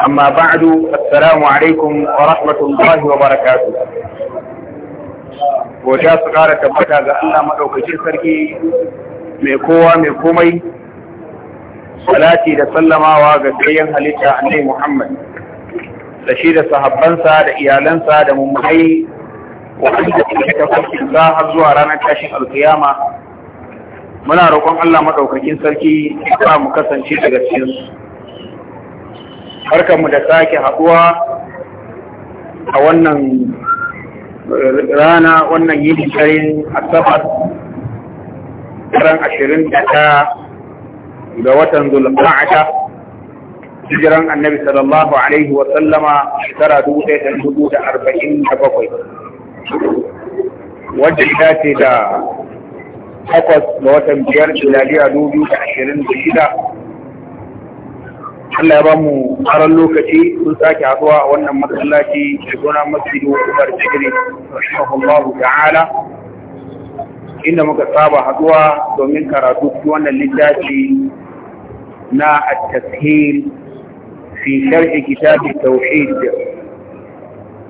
Amma أما بعد السلام عليكم ورحمة الله وبركاته ta su fara tabbata ga Allah maɗaukacin sarki mai kowa mai komai, salati da sallamawa ga tsayen halitta annai Muhammad, da shi da sahabbansa da iyalansa da mummai wa'anda suke tafarkin za har zuwa ranar tashin alkiyama. Muna roƙon Allah maɗaukakin sarki ba mu kasance daga cikinsu. barkanmu da sake haɗuwa a wannan rana wannan yini karin asabar ran ashirin da ta ga watan zulfa'ata jiran annabi sallallahu alaihi wa sallama shekara dubu ɗaya da dubu da arba'in da bakwai wadda ta ce da takwas ga watan biyar miladiya dubu da ashirin da shida Allah ya ba mu karan lokaci sun sake haɗuwa a wannan masallaci da gona masjidu Umar Tigiri rahimahullahu ta'ala inda muka saba haɗuwa domin karatu cikin wannan littafi na at-tashil fi sharh kitab tauhid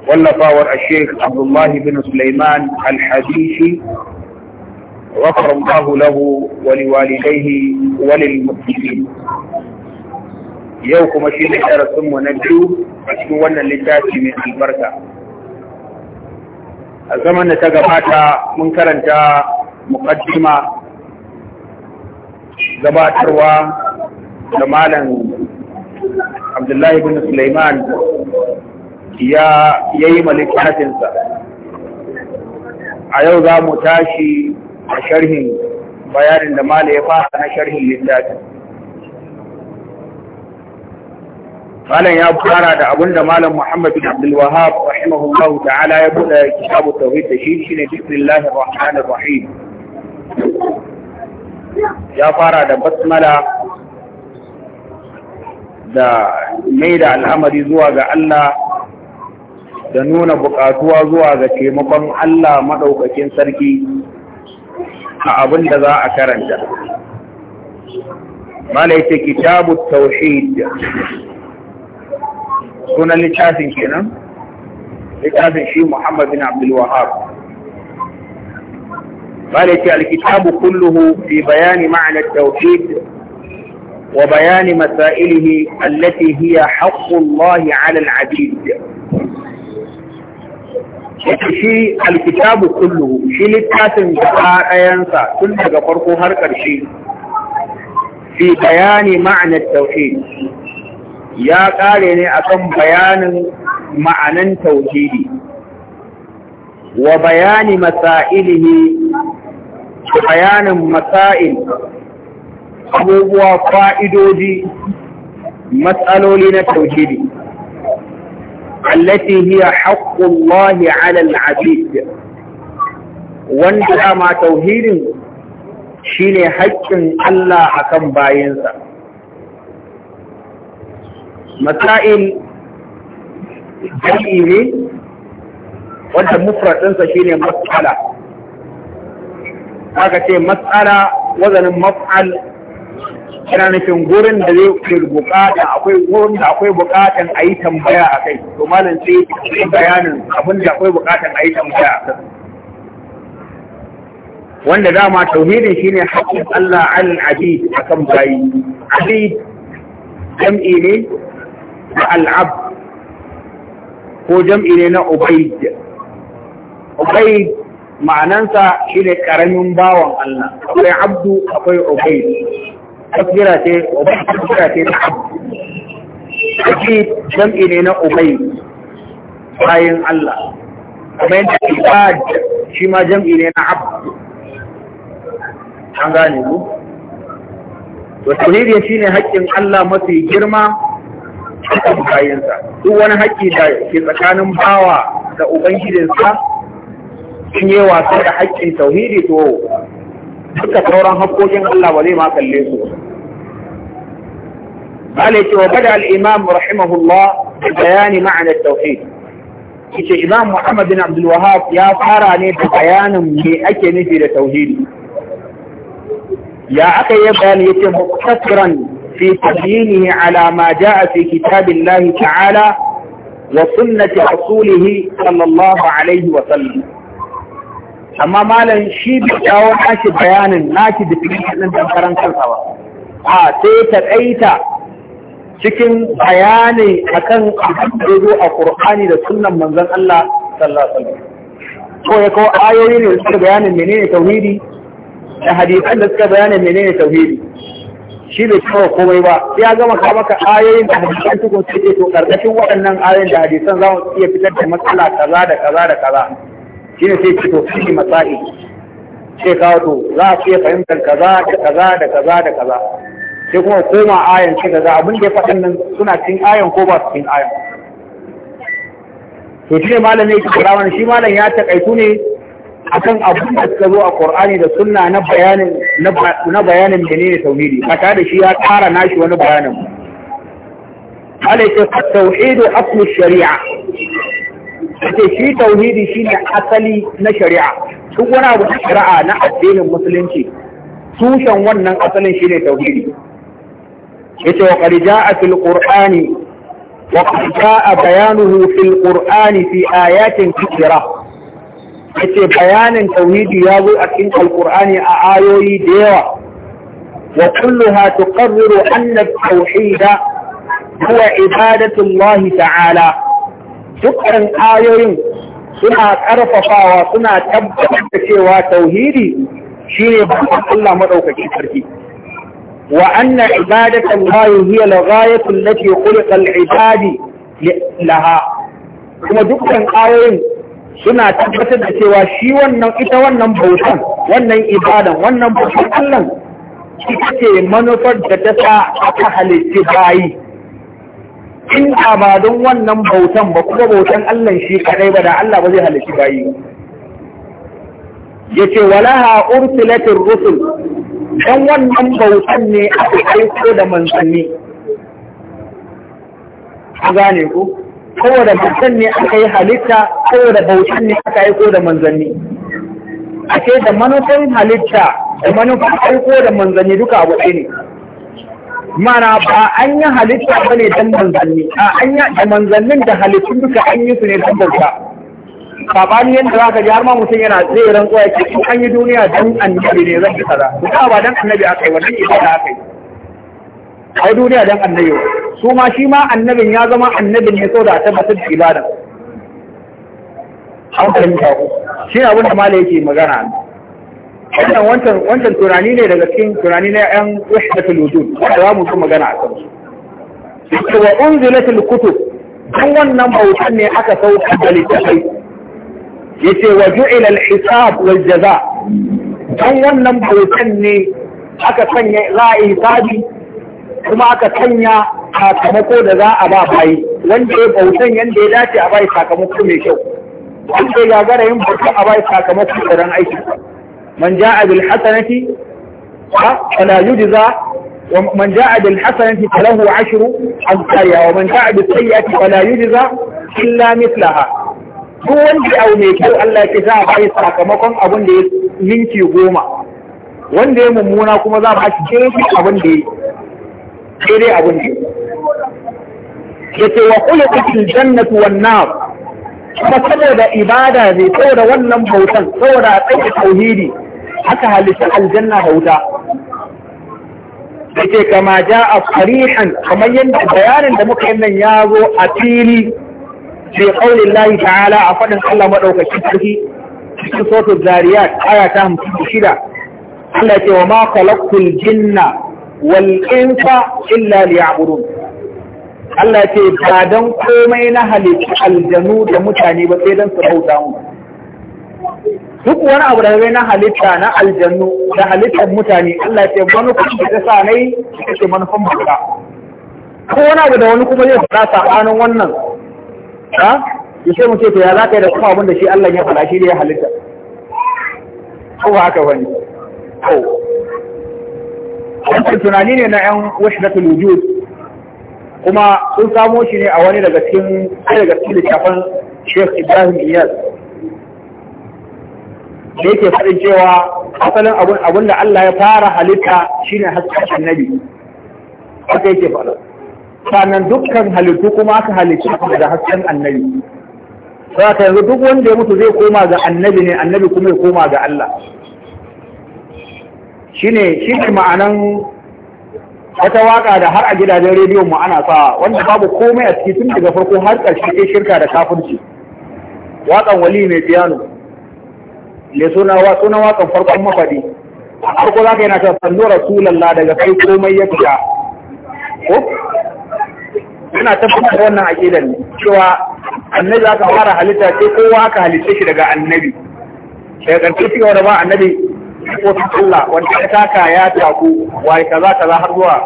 wallafawar Sheikh Abdullah bin Sulaiman Al-Hadisi غفر الله له ولوالديه وللمسلمين yau kuma shi ne mu na biyu a cikin wannan littafi mai albarka. A zaman da ta gabata mun karanta mukaddima gabatarwa da malam Abdullahi bin Sulaiman ya yi malikatinsa A yau za mu tashi a sharhin bayanin da Malam ya fara na sharhin littafin. malam ya fara da abun da malam Muhammad bin Abdul Wahhab rahimahullahu ta'ala ya buɗe kitabu tauhid da shi shine bismillahir rahmanir rahim ya fara da basmala da mai da al'amari zuwa ga Allah da nuna buƙatuwa zuwa ga taimakon Allah maɗaukakin sarki a abin da za a karanta. Mala yake kitabu tauhid sunan littafin kenan littafin shi Muhammad bin Abdul Wahhab bale ce alkitabu kulluhu fi bayani ma'na tauhid wa bayani masailihi allati hiya haqqu Allah 'ala al-'abid shi alkitabu kulluhu shi littafin gaba ɗayansa tun daga farko har ƙarshe fi bayani ma'na tauhid ya ƙare ne akan bayanin ma'anan tauhidi wa bayani masailihi bayanin masail abubuwa fa'idoji matsaloli na tauhidi allati hiya haqqullahi 'ala alal abid wanda ma tauhidin shine haƙƙin Allah akan bayinsa masail jami'i ne wanda mufradinsa shine mas'ala aka ce matsala, wazanin maf'al yana nufin gurin da zai ke bukata akwai wurin da akwai bukatan a yi tambaya a kai to malam sai yi bayanin abin da akwai bukatan a yi tambaya a kai wanda dama tauhidin ne haƙƙin Allah al-abid akan bayi abid jam'i ne da al'ab ko jam'i ne na ubaid ubaid ma'anansa shi ne ƙaramin bawan Allah akwai abdu akwai ubaid Tafira ce ubaid ce na abdu Aki jam'i ne na ubaid bayan Allah kamar yadda ibad shi ma jam'i ne na abdu an gane mu? ku ne shi ne haƙƙin Allah mafi girma akan bayansa duk wani haƙƙi da ke tsakanin bawa da ubangijinsa in yi wasa da haƙƙin tauhidi to duka sauran haƙƙoƙin Allah ba zai ma kalle su bale cewa bada al rahimahullah bayani ma'ana tauhid yace imam Muhammad bin Abdul ya fara ne da bayanin me ake nufi da tauhidi ya aka yi bayani yace muktasaran في تبيينه على ما جاء في كتاب الله تعالى وسنة رسوله صلى الله عليه وسلم amma malam shi bai kawo nashi bayanin nashi definition din dankaran kansa ba a sai ta cikin bayani akan abin da zo a Qur'ani da sunnan manzon Allah ko ya kawo ayoyi ne da suka bayanin menene tauhidi da hadisan da suka bayanin menene tauhidi shi ne kawo komai ba ya gama ka maka ayoyin da hadisan tukun sai ce to karkashin waɗannan ayoyin da hadisan za mu iya fitar da matsala kaza da kaza da kaza shi ne sai ce to shi matsa'i sai kawo to za a iya fahimtar kaza da kaza da kaza da kaza sai kuma koma ayan sai kaza abin da ya faɗin nan suna cin ayan ko ba su cin ayan to shi ne malamin ya kira wani shi malam ya taƙaitu ne akan abin da suka zo a Qur'ani da Sunna na bayanin na bayanin menene tauhidi ba tare da shi ya ƙara nashi wani bayanin alaike tauhidu aslu shari'a ake shi tauhidi shine asali na shari'a duk wani abu shari'a na addinin musulunci tushen wannan asalin shine tauhidi yace wa qad ja'a fil qur'ani wa qad ja'a bayanuhu fil qur'ani fi ayatin kathira yace bayanin tauhidi ya zo a cikin alqur'ani a ayoyi da yawa wa kulluha tuqarriru anna at-tauhid huwa ibadatu Allah ta'ala dukkan ayoyin suna karfafawa suna tabbatar da cewa tauhidi shine babban Allah madaukaki sarki wa anna ibadatu وأن hiya الله ghayatu allati khuliqa خلق ibadi laha kuma dukkan ayoyin suna tabbatar da cewa shi wannan ita wannan bautan wannan ibadan wannan bautan Allah ita ce manufar da ta sa aka halitta bayi in ba don wannan bautan ba kuma bautan Allah shi kadai ba da Allah ba zai halitta bayi yace walaha ursilatir rusul dan wannan bautan ne aka aiko da manzanni an gane ku saboda manzan ne aka yi halitta saboda bautan ne aka aiko da manzanni ake da manufan halitta da manufan aiko da manzanni duka abu ne mana ba an yi halitta ba ne don manzanni a an yi da manzannin da halittun duka an yi su ne don bauta sabani yadda za ka ji har ma mutum yana zai rantsuwa ya ce an yi duniya don annabi ne zan yi kaza ba don annabi aka yi wannan ibada aka yi ai duniya dan annabi su ma shi ma annabin ya zama annabin ne saboda a tabbatar da ibada an fahimta ku shi abin da malai yake magana wannan wancan wancan tunani ne daga cikin tunani na yan wahdatul wujud wanda za mu yi magana a kan kansu wa unzilatul kutub Dan wannan bautan ne aka sauka da littafai yace wa ju'ila al-hisab wal jaza kan wannan bautan ne aka sanya za a yi hisabi kuma aka sanya sakamako da za a ba bayi wanda ya bautan yanda ya dace a bai sakamako mai kyau wanda ya gagara yin bautan a bai sakamako da ran aiki man ja'a bil hasanati fa fala yujza ومن جاء بالحسنة فله عشر أمثالها ومن جاء بالسيئة فلا يجزى إلا مثلها duk wanda ya aune kyau Allah ya za a bai sakamakon abin da ya minti goma wanda ya mummuna kuma za a bashi shi abin da ya yi. sai dai abin ne yace wa khuliqatil jannatu wan nar kuma saboda ibada ne saboda wannan bautan saboda a tsaye tauhidi aka halitta aljanna da wuta kama ja a farihan kamar yadda bayanin da muka nan ya zo a fili fi qaulin lahi ta'ala a faɗin Allah maɗaukacin sarki cikin sotu zariyat aya ta hamsin da shida Allah ce wa ma khalaqtul jinna wal illa liya'budun Allah ce ba don komai na halittu aljanu da mutane ba sai don su bauta mu duk wani abu da na halitta na aljanu da halittar mutane Allah ce manufan da ta sa nai ta ce manufan bauta ko wani abu da wani kuma zai fara sa'anin wannan ha yace mu ce ta ya zaka yi da kuma abin da shi Allah ya fara shi da ya halitta ko ba haka bane to wannan tunani ne na yan wahdatul wujud kuma sun samo shi ne a wani daga cikin daga cikin littafin Sheikh Ibrahim Iyas da yake faɗin cewa asalin abun abun da Allah ya fara halitta shine hasken annabi haka yake faɗa sannan dukkan halittu kuma aka halitta da hasken annabi sai yanzu duk wanda ya mutu zai koma ga annabi ne annabi kuma ya koma ga Allah shine shine ma'anan wata waka da har a gidajen rediyon mu ana sa wanda babu komai a ciki tun daga farko har ƙarshe ke shirka da kafirci wakan wali mai piano le suna wa suna wakan farkon mafadi a farko zaka yana ta sannu rasulullah daga kai komai ya fita ko ina tabbatar wannan aqidar ne cewa annabi ka fara halitta sai kowa aka halitta shi daga annabi daga ƙarshe shi gaba annabi kofin Allah wanda ya taka ya taku waye kaza kaza har zuwa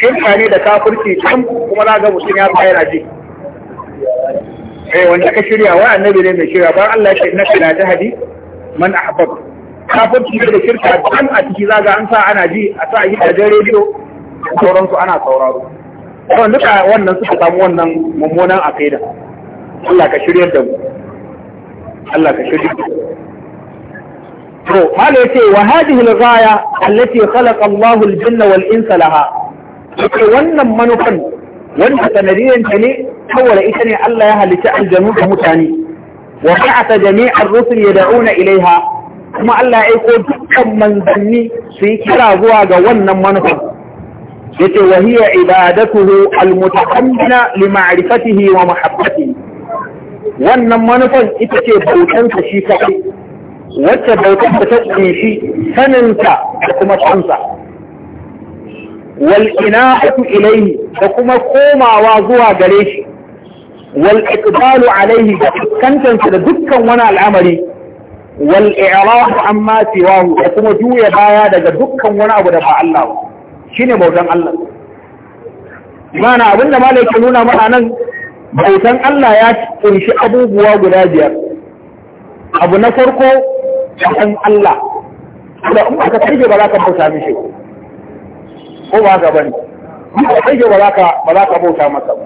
shirka ne da kafirci can kuma za ga mutum ya bayar a ji eh wanda ka shirya wa annabi ne mai shirya ba Allah shi na kina jahadi man ahbab kafirci ne da shirka can a ciki za ga an sa ana ji a sa a gidajen rediyo sauransu ana sauraro kawai duka wannan suka samu wannan mummunan akaida. Allah ka shirya da mu Allah ka shirya da mu to ya yace wa hadhihi al-ghaya allati khalaqa Allahu al-jinna wal insa laha yace wannan manufan wanda sanadiyan ta ne kawai ita ne Allah ya halitta aljanu da mutane wa ba'atha jami'ar rusul yad'una ilaiha kuma Allah ya aiko dukkan manzanni su yi kira zuwa ga wannan manufan yace wa hiya ibadatuhu al-mutaqammina li ma'rifatihi wa mahabbatihi wannan manufan ita ce bautansa shi kadai wacce bautar da ta kunshi saninta da kuma sansa wal ina'atu ilayhi da kuma komawa zuwa gare shi wal iqbalu alayhi da fuskantar da dukkan wani al'amari wal i'rab amma siwahu da kuma juya baya daga dukkan wani abu da ba Allah ba shine bautan Allah mana abinda malai ke nuna mana nan bautan Allah ya kunshi abubuwa guda biyar abu na farko ɗan Allah da in aka kaige ba za ka bauta mishi ko ba ga bane in aka kaige ba za ka ba za ka bauta masa ba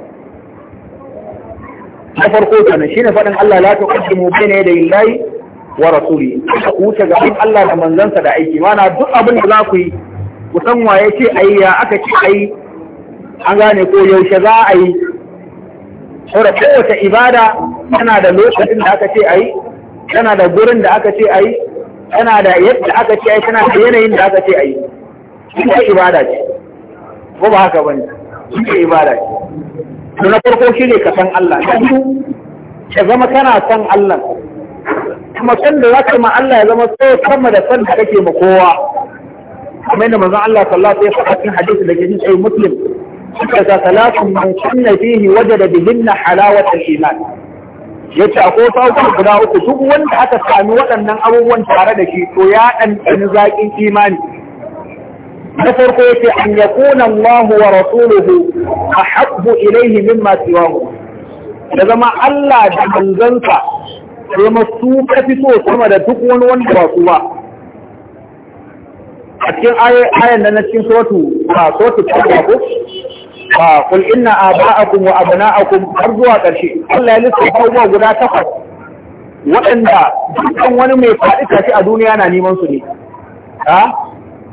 na farko ne shine faɗin Allah la tuqaddimu bayna yaday Allah wa rasuli ku wuce gaban Allah da manzansa da aiki mana duk abin da za ku yi ku san waye ce ayi ya aka ce ayi an gane ko yaushe za a yi saboda kowace ibada tana da lokacin da aka ce ayi tana da gurin da aka ce a yi tana da yadda aka ce a yi tana da yanayin da aka ce a yi ita ibada ce ko ba haka bane ita ibada ce to na farko shi ka san Allah da su ka zama kana san Allah kuma san da za ka ma Allah ya zama so kama da san da kake ma kowa kuma yadda manzon Allah sallallahu alaihi wasallam cikin hadisi da ke cikin Muslim suka ga salatun man kunna fihi wajada bihinna halawatul iman Ya a a sauƙi guda uku duk wanda aka sami waɗannan abubuwan tare da shi to ya ɗanɗani zaƙin imani na farko ce an yakuna Allah wa rasuluhu ahabbu ilayhi mimma siwahu da zama Allah da manzansa sai masu kafi so sama da duk wani wanda ba su ba a cikin ayan na cikin sotu ba sotu ta ko a kul inna aba'akum wa abna'akum har zuwa ƙarshe Allah ya lissafa abubuwa guda takwas waɗanda dukkan wani mai faɗi kashi a duniya na neman su ne a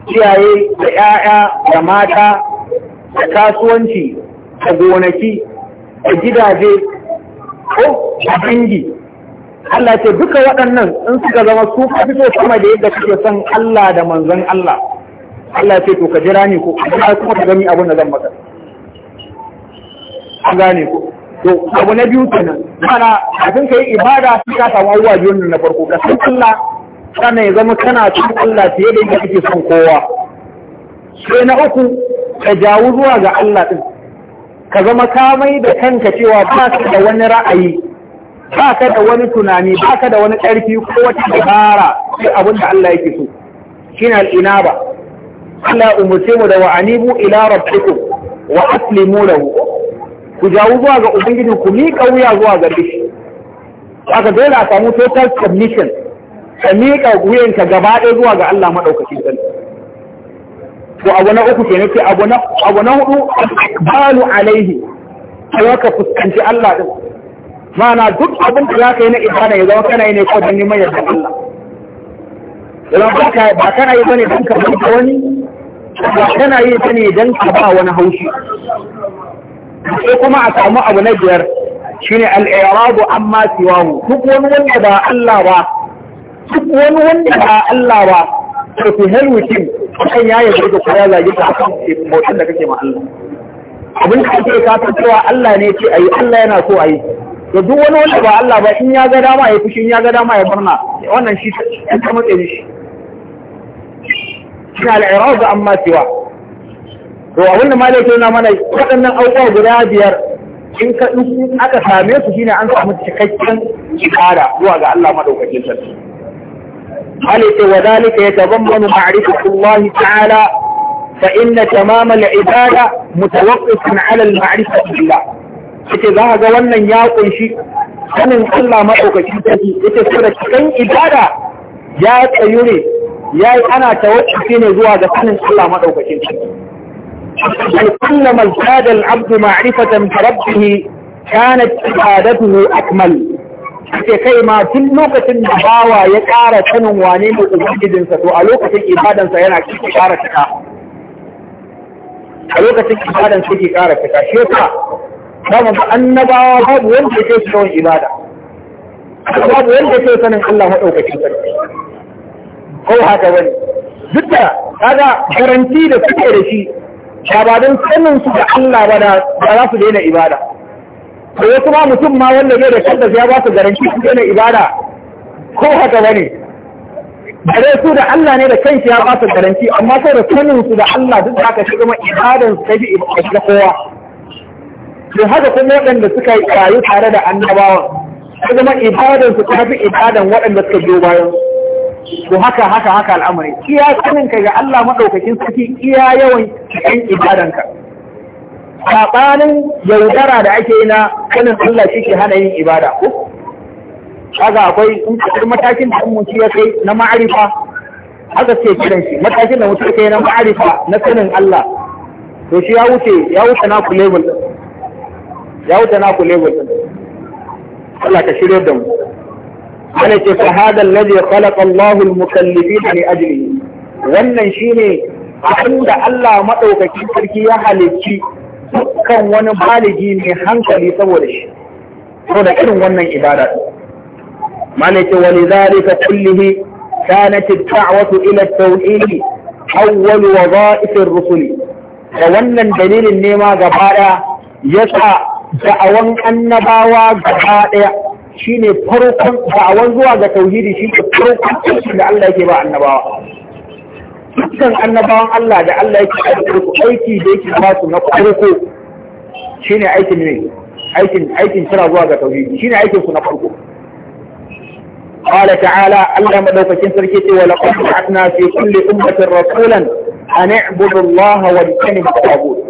ciyaye da 'ya'ya da mata da kasuwanci da gonaki da gidaje ko da dangi Allah ce duka waɗannan in suka zama su ka fito sama da yadda kake son Allah da manzon Allah Allah ce to ka jira ni ko kuma ka gani abin da zan maka an gane ku to abu na biyu kenan mana kafin ka yi ibada sai ka samu abubuwa biyun na farko ka san Allah sannan ya zama kana cin Allah fiye da yadda kake son kowa sai na uku ka jawo zuwa ga Allah ɗin. ka zama ka da kanka cewa ba ka da wani ra'ayi ba ka da wani tunani ba ka da wani ƙarfi ko wata dabara sai abin da Allah yake so shine ba. Allah umurce mu da wa'anibu ila rabbikum wa aslimu lahu ku jawo zuwa ga ubangiji ku miƙa wuya zuwa ga shi aka dole a samu total submission ka miƙa wuyanka gaba ɗaya zuwa ga Allah maɗaukacin sarki to abu na uku ke nake abu na abu na hudu balu alaihi sai ka fuskanci Allah din mana duk abin da zaka yi na ibada ya zama kana yi ne ko dan neman yarda Allah idan ba ba kana yi bane dan ka bauta wani ba kana yi bane dan ka ba wani haushi ko kuma a samu abu na biyar shine al-i'rabu amma siwahu duk wani wanda ba Allah ba duk wani wanda ba Allah ba to ku helwitin kan yaya da ku ya zage ka kan mutum da kake ma Allah abin da kake ka cewa Allah ne ce ayi Allah yana so ayi da duk wani wanda ba Allah ba in ya ga dama ya fushi in ya ga dama ya barna wannan shi ta matsayin shi shi al-i'rabu amma siwahu to abin da malai ke mana waɗannan abubuwa guda biyar in ka in aka same su shine an samu cikakken ibada zuwa ga Allah madaukakin sarki malai ce wa zalika yatabammanu ma'rifatullahi ta'ala fa inna tamamal ibada mutawaqqifun 'ala al-ma'rifati billah yace za ga wannan ya kunshi sanin Allah madaukakin sarki yace saboda cikin ibada ya tsayu ne yayi ana tawassufi ne zuwa ga sanin Allah madaukakin sarki كلما ازداد العبد معرفة بربه كانت عبادته أكمل كيما كل لوكة نباوة يكارة تنم وانيم وتزهد انسطو ألوكة إبادة سينا كيف كارة تكا ألوكة إبادة سينا كيف كارة تكا شوكا كما فأنباوة باب وانت كيف شون إبادة باب وانت كيف سنن الله وحوكة كيف هو هذا وانت جدا هذا جرنتي لكي رشيد da ba don su da Allah ba da za su daina ibada to ya kuma mutum ma wanda zai da kanta ya ba su garanti su daina ibada ko haka ne. bare su da Allah ne da kanki ya ba su garanti amma sai da sanin su da Allah duk da haka shi kuma ibadan su ta ibada kowa to haka kuma waɗanda suka rayu tare da annabawan sai zama ibadan su ta ibadan waɗanda suka biyo bayan su to haka haka haka al'amari iya sanin ka ga Allah madaukakin sarki iya yawan cikin ka. sabanin yaudara da ake yi na sanin Allah shi ke hana yin ibada ko kaga akwai in kasar matakin da mun ya kai na ma'arifa haka ce kiran shi matakin da mutum kai na ma'arifa na sanin Allah to shi ya wuce ya wuce na ku level ya wuce na ku level Allah ka shirye da mu ana ce shahadar lade falakan lahul mukallifi ne wannan shi ne da Allah maɗaukaki sarki ya halicci dukkan wani baligi mai hankali saboda shi so irin wannan ibada malaki wani zari ka kullihi ta na cikta a wasu ila tauɗini hawwalu wa za'ifin rusuli da wannan dalilin nema gaba ɗaya yasa sa annabawa gaba ɗaya shine farkon da'awar zuwa ga tauhidi shi ne farkon da Allah yake ba annabawa dukkan annabawan Allah da Allah yake aiki aiki da yake ba su na farko shine aikin ne aikin aikin kira zuwa ga tauhidi shine aikin su na farko قال تعالى الله مدوكين سركيتي ولقد بعثنا في كل أمة رسولا أن اعبدوا الله واجتنبوا الطاغوت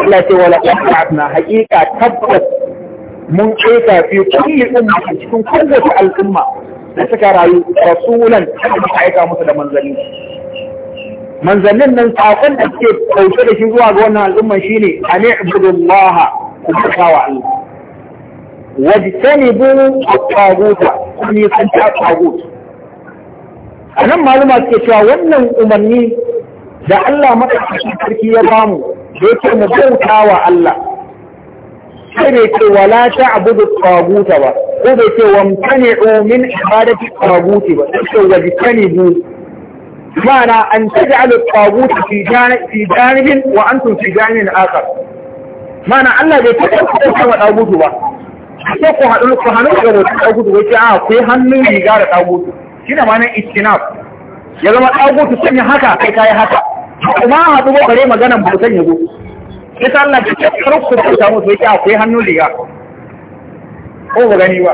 التي ولقد بعثنا حقيقة تبت mun aika fi kulli umma cikin kowace al'umma da suka rayu rasulan da aika musu da manzanni manzannin nan sakon da suke kauce da shi zuwa ga wannan al'umma shine an ibudullah ku bauta wa Allah wajtanibu at-taghut ku ne san taghut anan maluma suke cewa wannan umarni da Allah madaukakin sarki ya bamu da yake mu bautawa Allah sai bai ce wala ta abudu taguta ba ko bai ce wamtani'u min ibadati taguti ba sai ce wajtanibu ma'ana an taj'alu taguta fi fi janibin wa antum fi janibin akhar ma'ana Allah bai taɓa kusa wa tagutu ba sai ku haɗu ku hannu ga wata tagutu wai ce a ah, ku hannu riga da tagutu shi ma nan istinaf ya zama tagutu sun yi haka kai kayi haka kuma haɗu ba bare maganan bautan ya zo isa Allah ta ce kar ku bauta musu yake akwai hannu riga ko ba gani ba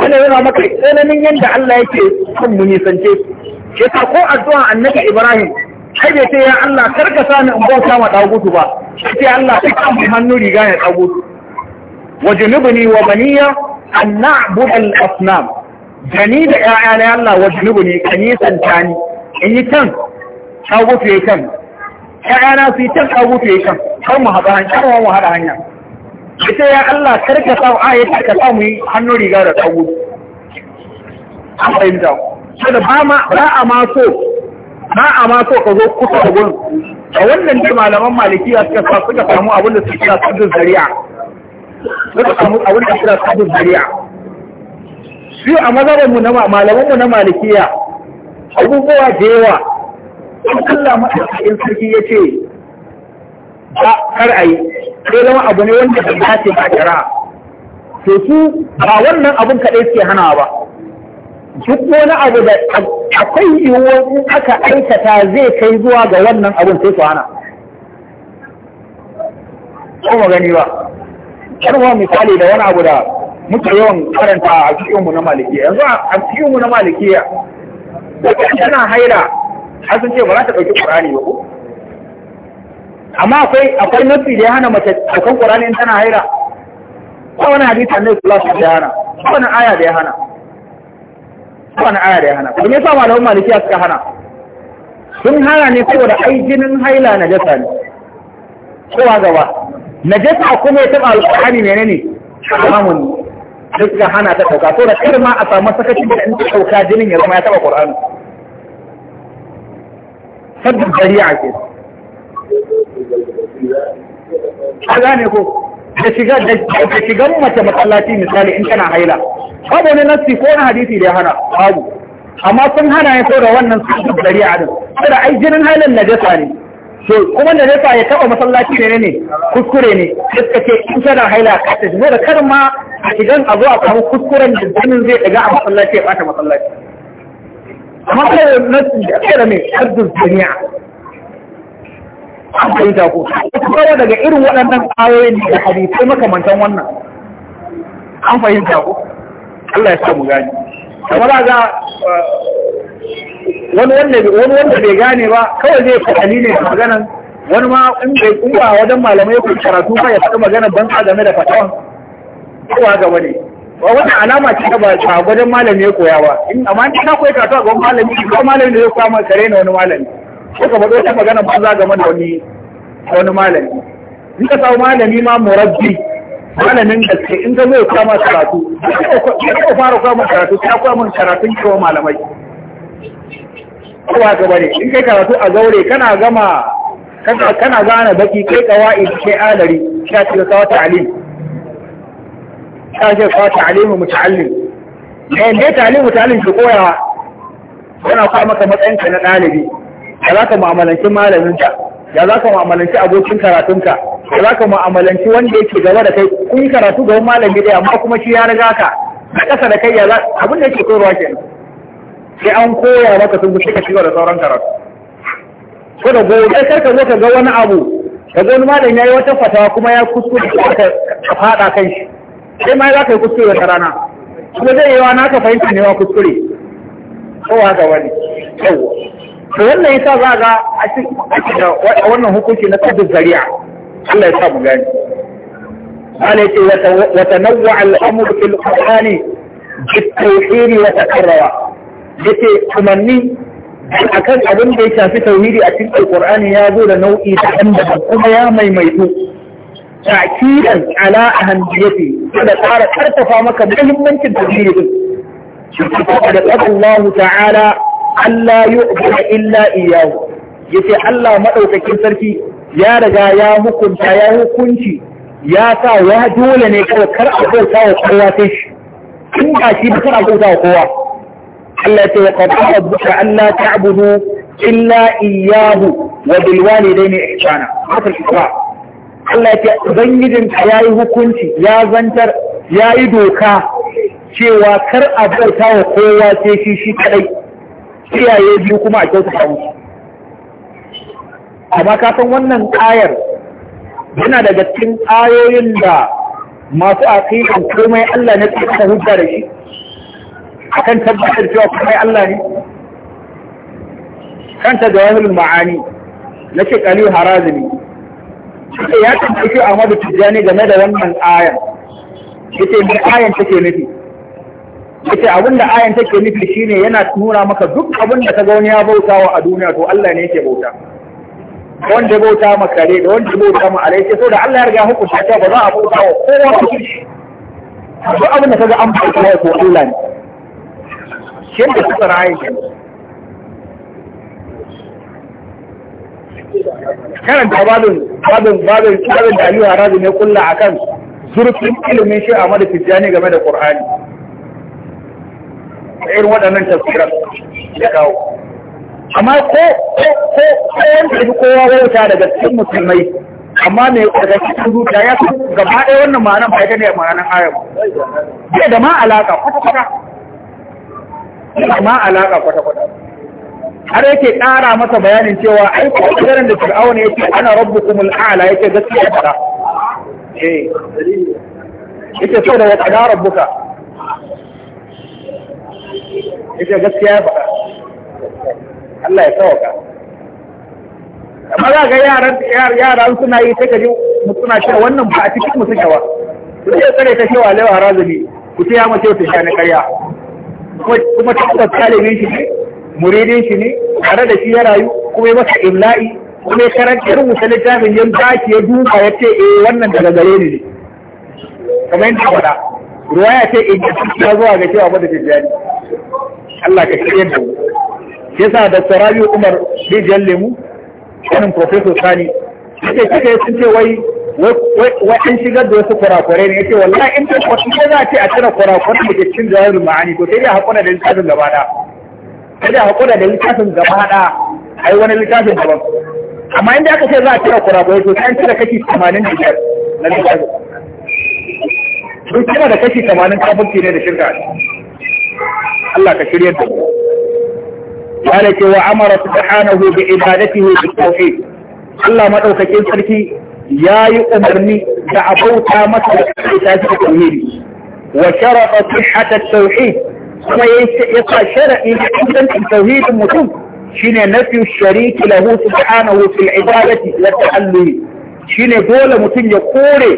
wanda yana maka tsananin yadda Allah yake kan mu nisance shi ka ko addu'a annabi Ibrahim kai bai ce ya Allah kar ka sani in bauta ma dagutu ba shi ce Allah ka kan mu hannu riga ya dagutu wajnubni wa baniya an na'budu al-asnam jani da na Allah wajnubni kan yi ni. in yi can dagutu yayi can ƴaƴana su yi can dagutu yayi can kan mu haɗa hanyar kan mu haɗa hanyar ita ya Allah karka sa a ya ka sa mu yi hannu riga da tsawo an fahimta saboda ba ma ba a ma so ba a ma so ka zo kusa da gurin a wannan ne malaman malikiya suka sa suka samu abin da suka sa zari'a suka samu abin da suka sa zariya. shi a mu na mu na malikiya abubuwa da yawa in Allah ma'aikacin sarki ya ce ba kar a yi sai zama abu ne wanda bai dace ba kira to su ba wannan abun kaɗai suke hana ba duk wani abu da akwai yiwuwar in aka aikata zai kai zuwa ga wannan abun sai su hana ko mu gani ba karwa misali da wani abu da muka yawan karanta a cikinmu na malikiya yanzu a cikinmu na malikiya da tana haira, har sun ce ba za ta ɗauki ƙurani ba ko amma akwai akwai nufi da ya hana mace akan ƙur'ani in tana haira ko wani hadisi su da ya hana ko wani aya da ya hana ko wani aya da ya hana kuma yasa malamin malikiya suka hana sun hana ne saboda ai jinin haila na jasa ne kowa gaba jasa kuma ya taba alqur'ani menene haramun ne duk hana ta ɗauka, to da kar ma a samu sakacin da in ta ɗauka jinin ya zama ya taɓa Qur'ani sabbin bari'a ke ka gane ko da shigar mace masallaci misali in tana haila babu wani nassi ko na hadisi da ya hana babu amma sun hana ya saura wannan sun gari a duk saboda ai jinin na jasa ne to kuma najasa ya taba masallaci ne ne kuskure ne suka ce in tana haila ka ta da kar ma a shigan a zo a samu kuskuren da jinin zai daga a masallaci ya bata masallaci amma kai an fahimta ko kawo daga irin waɗannan ayoyin da hadisai makamantan wannan an fahimta ko Allah ya sa mu gani kamar ga eh, wani wanda bai gane ba kawai zai faɗali ne maganan wani ma in bai kuma wajen malamai ko karatu ba ya faɗi maganar banza game da fatawan kowa gaba ne wata alama ce ba a gwajin malami ya koya ba in amma ta koyi karatu a gwajin malami ko malami da zai koya ma kare na wani malami sai ka faɗo ta magana ba za game da wani wani malami in ka samu malami ma murabbi malamin da ke, in ka zai kama karatu ya ka fara kama karatu ta karatu karatun kawo malamai kowa ga ne in kai karatu a zaure kana gama kana gana baki kai kawai kai alari sha ce kawo ta'alim sha ce kawo ta'alimu muta'allim ne eh, ta ta'alimu muta'allim ko koya Kana kawo maka matsayinka na ɗalibi ya za ka mu'amalanci malaminka ya za ka mu'amalanci abokin karatunka ya za ka mu'amalanci wanda yake gaba da kai kun karatu ga malami ɗaya amma kuma shi ya riga ka a ƙasa da kai ya za abin da yake koyarwa ke sai an koya maka sun gushi ka shiga da sauran karatu ko da gobe sai ka zo ka ga wani abu ka ga wani malami ya yi wata fatawa kuma ya kuskure ka faɗa kan shi sai ma za ka yi kuskure da rana kuma zai yi wa naka fahimta ne wa kuskure ko haka wani yawwa to wannan yasa za ga a cikin wannan hukunci na sabbin zari'a Allah ya sa mu gani Allah ya ce wa tanawwa al-amr fil qur'ani بالتوحيد وتكرر yace kumanni akan abin da ya shafi tauhidi a cikin alqur'ani ya zo da nau'i da daban kuma ya maimaitu ta'kidan ala ahammiyati da tsara karfafa maka muhimmancin tauhidi din shi da Allah ta'ala Allah yu'budu illa iyyahu yace Allah maɗaukakin sarki ya riga ya hukunta ya hukunci ya sa ya dole ne kawai kar a bauta wa kowa sai shi in ba shi ba kar a bauta wa kowa Allah ya ce wa qad rabbuka alla ta'budu illa iyyahu wa bil walidayni ihsana haka ba. Allah ya ce ubangijin ka yayi hukunci ya zantar yayi doka cewa kar a bauta wa kowa sai shi shi kadai iyaye biyu kuma a kyautata musu amma kafin wannan ayar yana daga cikin ayoyin da masu aqidan komai Allah ne ke ta hujja da shi akan tabbatar cewa komai Allah ne kanta jawahirul ma'ani na ce kali harazimi ya tambaye Ahmadu Tijjani game da wannan ayar yace mai ayar take nufi yace abin da ayan take nufi shine yana nuna maka duk abin da kaga wani ya bautawa a duniya to Allah ne yake bauta wanda ya bauta ma kare da wanda ya bauta ma alai sai da Allah ya riga hukunta cewa ba za a bauta wa kowa ba duk abin da kaga an bauta wa to Allah ne shi ne suka rayu karanta babin babin babin babin da Aliyu Harabi ne kulla akan zurfin ilimin shi a jani game da Qur'ani da waɗannan tafsiran ya kawo amma ko ko ko wanda ya kowa wauta daga cikin musulmai amma mai daga cikin zuciya ya san gaba ɗaya wannan ma'anar ba ita ne ma'anar ayar ba da ma alaƙa kwata-kwata ma alaƙa kwata-kwata har yake ƙara masa bayanin cewa ai ko ƙasarar da ya ce ana kuma al'ala yake gaskiya fara eh yake so da wata rabbuka ita gaskiya ba Allah ya sauka amma za ga yaran yaran suna yi ta gaji suna shi wannan ba a cikin mu suke ba su ne kare ta shewa lewa harazumi ku ta yama shewa ta sha na karya kuma ta tsale ne shi ne muridin shi ne tare da shi ya rayu kuma ya masa imla'i kuma ya karanta irin wuce min yan zaki ya duka ya ce eh wannan daga gare ni ne kamar yadda faɗa ruwaya ce in ta zuwa ga cewa ba da tijjani Allah ka shirya da mu yasa da Sarabi Umar Rijal Lemu wannan Professor Sani yake kike sun ce wai wai an shigar da wasu kurakurai ne yake wallahi in ta kwatin ko za a ce a cire kurakurai da ke cikin jawabin ma'ani to sai dai hakuna da littafin gaba da sai dai hakuna da littafin gaba da ai wani littafin daban amma inda aka ce za a cire kurakurai to sai an cire kashi 85 na littafin sun yana da kashi 80 kafirci ne da shirka Allah ka shirya da mu yana cewa amara subhanahu bi ibadatihi bi tauhid Allah madaukakin sarki yayi umarni da abauta masa da kaita shi tauhidi wa sharafa sihhat at-tauhid kuma ya sa shar'i da ingancin tauhidin mutum shine nafi shariki lahu subhanahu fil ibadati wa Shi shine dole mutum ya kore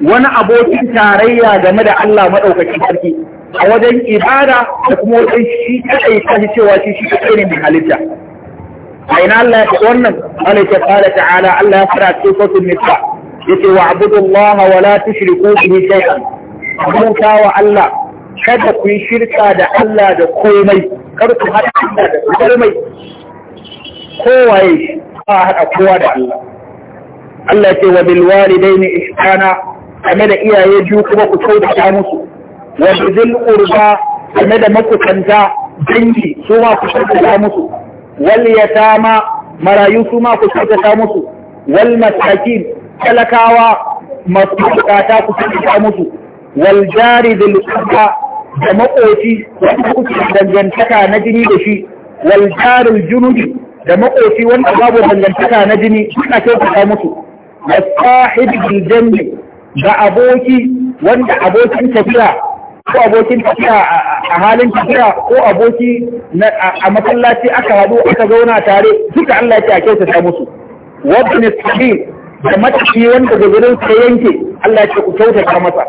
wani abokin tarayya game da Allah madaukakin sarki a wajen ibada da kuma wajen shi kaɗai kashi cewa shi shi kaɗai ne mai halitta a ina Allah ya wannan Allah ya fara ta'ala Allah ya fara cikin sautin nisa yace wa abudullaha wa la tushriku bihi shay'an kuma wa Allah kada ku yi shirka da Allah da komai kar ku haɗa Allah da komai kowaye shi ba haɗa kowa da Allah Allah ya ce wa bil walidaini ihsana game da iyaye biyu kuma ku kyautata musu wa bizil urba game da makusanta dangi su ma ku kyautata musu wal yatama marayu su ma ku kyautata musu wal masakin talakawa masu bukata ku kyautata musu wal jari bil qurba da makoci wanda kuke dangantaka na jini da shi wal jaril junubi da makoci wanda babu dangantaka na jini kuna kyautata musu Wasu sahibin bil da aboki wanda abokin tafiya ko abokin tafiya a halin tafiya ko aboki a masallaci aka haɗu aka zauna tare duka Allah ya a ta musu wabin sabil da matafi wanda guzurin ta yanke Allah ya ku kyauta ta masa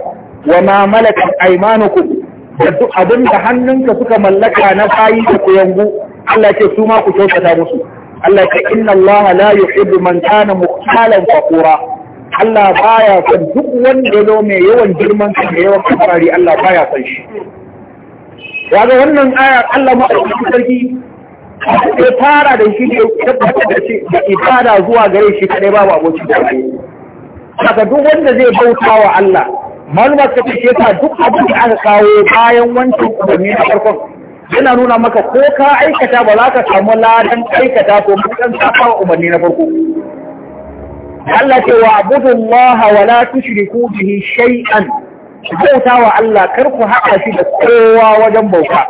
wa ma malakat aymanukum da duk abin da hannunka suka mallaka na fayi da ku yangu Allah ya su ma ku kyauta ta musu Allah ya inna Allah la yuhibbu man kana mukhtalan faqura Allah baya son duk wanda ya zo mai yawan girman kan da yawan kafari Allah baya son shi yaga wannan ayar Allah ma'aikacin sarki ya fara da shi ne tabbata da shi da ibada zuwa gare shi kadai babu abokin sarki saka duk wanda zai bauta wa Allah malumar ta ce ta duk abin da aka kawo bayan wancan umarni na farkon yana nuna maka ko ka aikata ba za ka samu ladan aikata ko mutan safawa umarni na farko Allah ce wa abudullaha wa la tushriku bihi shay'an bauta wa Allah kar ku haɗa shi da kowa wajen bauta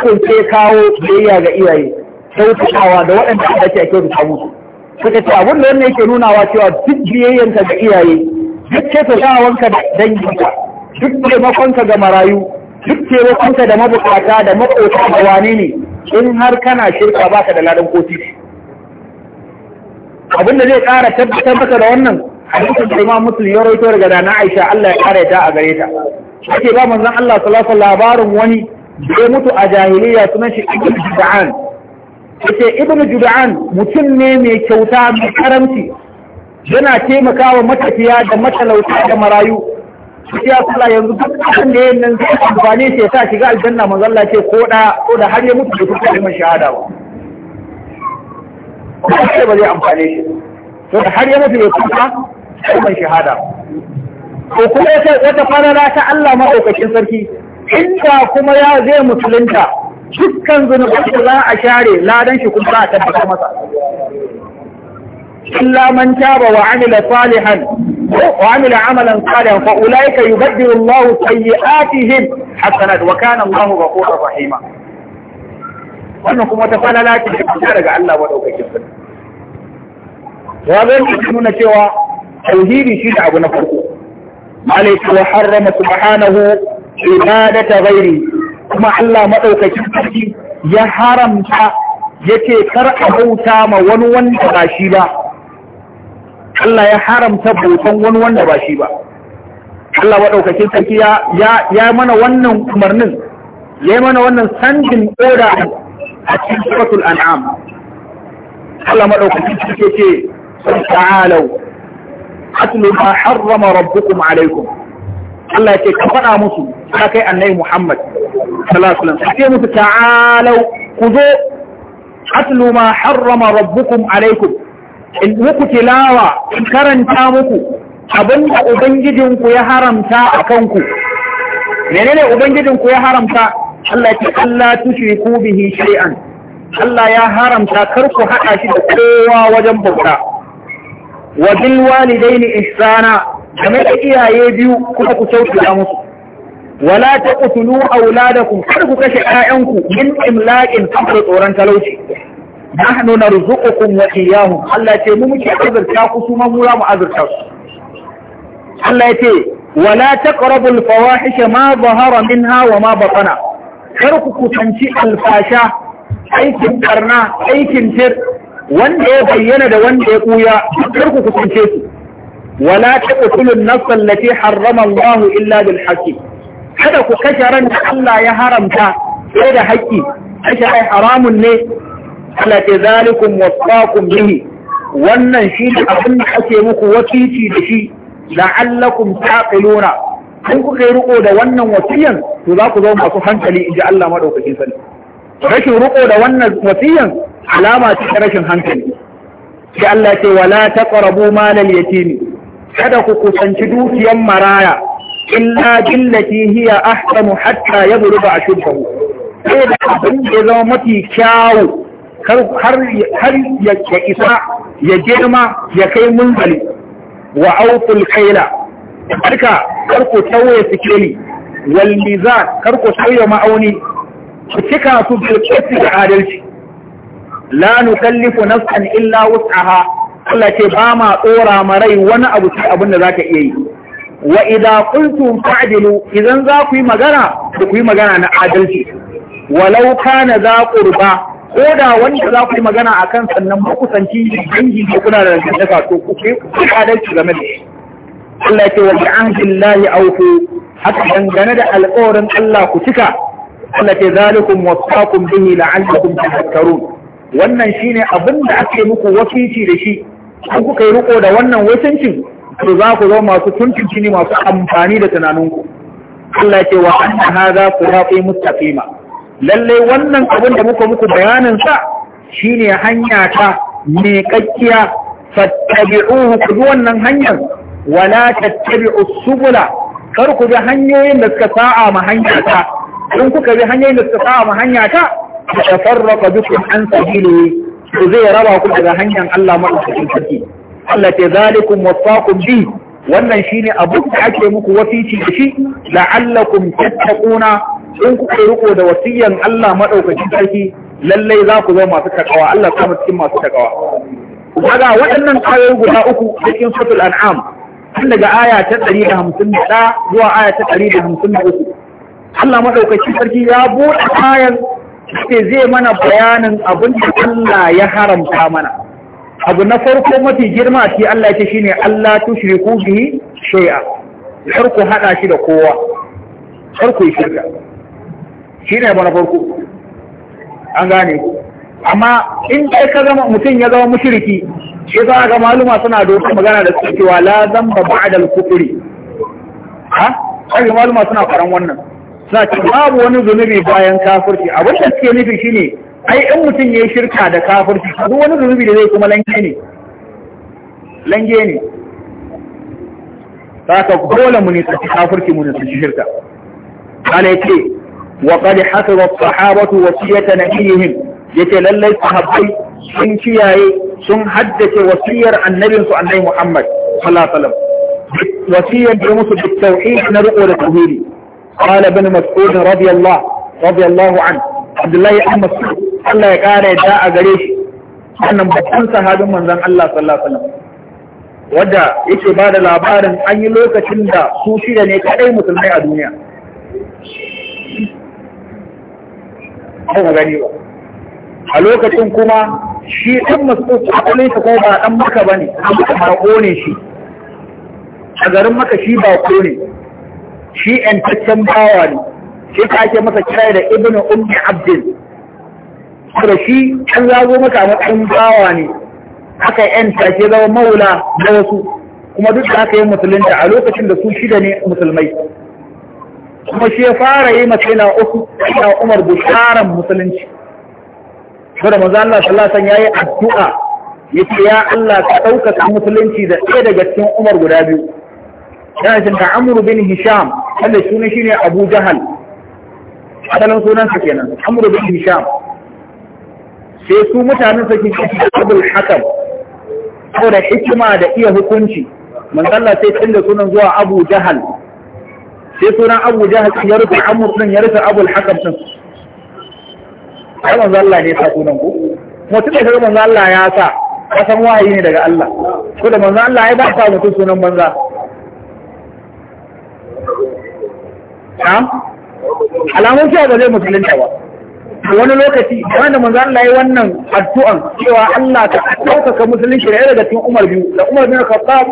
kun ce kawo biyayya ga iyaye kyautatawa da waɗanda aka ce a kyautata musu suka ce abin da wannan yake nunawa cewa duk biyayyanka ga iyaye duk kyautatawanka da danginka duk taimakonka ga marayu duk taimakonka da mabukata da maƙota da wane ne in har kana shirka baka da ladan kotu abin da zai ƙara tabbatar maka da wannan hadisin da Imam Muslim ya rawaito daga Aisha Allah ya ƙara ta a gare ta yake ba manzon Allah sallallahu alaihi labarin wani da ya mutu a jahiliya sunan shi Ibn Jud'an yace Ibn Jud'an mutum ne mai kyauta mai karamci yana taimakawa matafiya da matalauta da marayu shi ya kula yanzu duk abin da yayin nan zai amfane shi ya sa shiga aljanna manzon Allah ce ko da ko da har ya mutu da kuma kalmar shahada ba kuma ba zai amfane shi to har ya mutu bai kuma kalmar shahada ko kuma wata farara ta Allah maɗaukakin sarki inda kuma ya zai musulunta dukkan zunuban da za a share ladan shi kuma za a tabbata masa illa man taba wa amila salihan wa amila amalan salihan fa ulaika yubaddilu Allahu sayyi'atihim hasanat wa kana Allahu ghafurur rahima wannan kuma ta falala ce da fita daga Allah madaukakin sarki ya zai nuna cewa tauhidi shi da abu na farko malaiku wa harrama subhanahu ibadata ghairi kuma Allah maɗaukakin sarki ya haramta ya ce kar a bauta ma wani wanda ba shi ba Allah ya haramta bautan wani wanda ba shi ba Allah maɗaukakin sarki ya mana wannan umarnin ya mana wannan sandin oda a cikin suratul an'am Allah madaukakin ke ce sun ta'alau atlu ma harrama rabbukum alaikum Allah ce ka faɗa musu ka kai annabi Muhammad sallallahu alaihi wasallam ce musu ta'alau ku zo atlu ma harrama rabbukum alaikum in muku tilawa in karanta muku abinda ubangijinku ya haramta a kanku menene ubangijinku ya haramta Allah ce Allah tushriku bihi shay'an Allah ya haramta kar ku haɗa shi da kowa wajen bauta wa bil walidaini ihsana game da iyaye biyu kuma ku sauke musu wala taqtulu auladakum kar ku kashe ƴaƴanku min imlaqin kamar tsoron talauci nahnu narzuqukum wa iyyahum Allah ce mu muke azurta ku su ma mu mu azurta su Allah ya ce wala taqrabul fawahisha ma zahara minha wa ma batana kar ku kusanci alfasha aikin karna aikin tir wanda ya bayyana da wanda ya kuya kar ku kusance su wala taqtulun nafsa allati harrama Allah illa bil haqqi kada ku kashe ran da Allah ya haramta sai da haƙƙi kashe ai haramun ne ala tazalikum wasaqum bihi wannan shi ne abin da ake muku wakici da shi la'allakum taqiluna in kuka yi riko da wannan wasiyan to za ku zama masu hankali in ji Allah maɗaukakin sani rashin riko da wannan wasiyan alama ce ta rashin hankali sai Allah ce wala taqrabu malal yatimi kada ku kusanci dukiyan maraya illa billati hiya ahsanu hatta yabluga ashuddahu sai da abin da ya zama mafi kyawu har ya isa ya girma ya kai munzali wa autul kaila barka karko tauye sikeli wal mizan karko tauye ma'auni ku cika su bil da adalci la nukallifu nafsan illa wus'aha Allah ce ba ma tsora marai wani abu sai abin da zaka iya yi wa idza qultum fa'dilu idan za ku yi magana ku yi magana na adalci walau kana za ruba ko da wanda za ku yi magana akan sannan makusanci dangi kuna da dangantaka to ku yi adalci game da shi Allah ce wa bi'ahdin lahi auku haka dangane da alƙawarin Allah ku cika Allah ce zalikum wasaqum bihi la'allakum tadhakkarun wannan shine abin da ake muku wasici da shi an kuka yi riko da wannan wasincin to za ku zama masu tuntunci ne masu amfani da tunaninku Allah ce wa anna hadha sirati mustaqima lalle wannan abin da muka muku bayanin sa shine hanya ta mai kakkiya fattabi'uhu ku wannan hanyar wala tattabi'u subula kar ku bi hanyoyin da suka sa'a ma hanya ta in kuka bi hanyoyin da suka sa'a ma hanya ta tafarraqa bikum an sabili to zai raba ku daga hanyar Allah madaukakin sarki Allah ta zalikum wasaqum bi wannan shine abu da ake muku wasici da shi la'allakum tattaquna in kuka riko da wasiyan Allah madaukakin sarki lallai za ku zama masu takawa Allah kuma cikin masu takawa kaga waɗannan ayoyi guda uku cikin suratul an'am tun daga aya ta 151 zuwa aya ta 153 Allah madaukaki sarki ya buɗe ayan ce zai mana bayanin abin da Allah ya haramta mana abu na farko mafi girma ce Allah ya ce shine Allah tushriku bihi shay'a har ku hada shi da kowa har shirka shine abu na farko an gane amma in dai ka zama mutum ya zama mushriki shi yasa ga maluma suna dokin magana da suke cewa la zamba ba'da al-kufri ha kai maluma suna faran wannan suna cewa babu wani zunubi bayan kafirci abin da suke nufi shine ai in mutum yayi shirka da kafirci duk wani zunubi da zai kuma lange ne lange ne saka dole mu ne tsaki kafirci mu ne tsaki shirka قال يكي وقد حفظ sahabatu wasiyatan نبيهم يتي للي sahabbai sun kiyaye sun haddace wasiyar annabinsu annabi Muhammad sallallahu alaihi wasiyar da musu da tauhid na riko da tauhidi qala ibn mas'ud radiyallahu radiyallahu an Abdullahi ibn Mas'ud Allah ya kare da a gare shi wannan babban sahabin manzon Allah sallallahu alaihi wasallam wanda yake ba da labarin an yi lokacin da su shida ne kadai musulmai a duniya. Ba gani ba. a lokacin kuma shi ɗan masu asalin kuma ba ɗan maka ba ne bako ne shi a garin maka shi bako ne shi ‘yantaccen bawa ne shi ta ake masa kira da ibn ummi abdin da shi ɗan zago maka a matsayin bawa ne aka ‘yanta ke zama maula na wasu kuma duk da aka yi musulunta a lokacin da su shida ne musulmai kuma shi ya fara yi mace yana uku umar bisharar musulunci kada manzo Allah sallallahu ya yi addu'a ya ce ya Allah ka ɗaukaka musulunci da ɗaya daga cikin Umar guda biyu yana cikin da Amr bin Hisham wanda sunan shi ne Abu Jahal asalin sunan sa kenan Amr bin Hisham sai su mutanen sa kike Abdul Hakam saboda hikima da iya hukunci manzo Allah sai canza sunan zuwa Abu Jahal sai sunan Abu Jahal ya rufe Amr din ya rufe Abu Hakam din ai manzo Allah ne sa sunan ku mutum da kaga manzo Allah ya sa kasan wahayi ne daga Allah ko da manzo Allah ya ba ka mutum sunan banza alamun cewa ba zai musulunta ba a wani lokaci wanda manzo Allah yi wannan addu'an cewa Allah ka ɗaukaka musulunci da daga cikin Umar biyu da Umar bin Khattab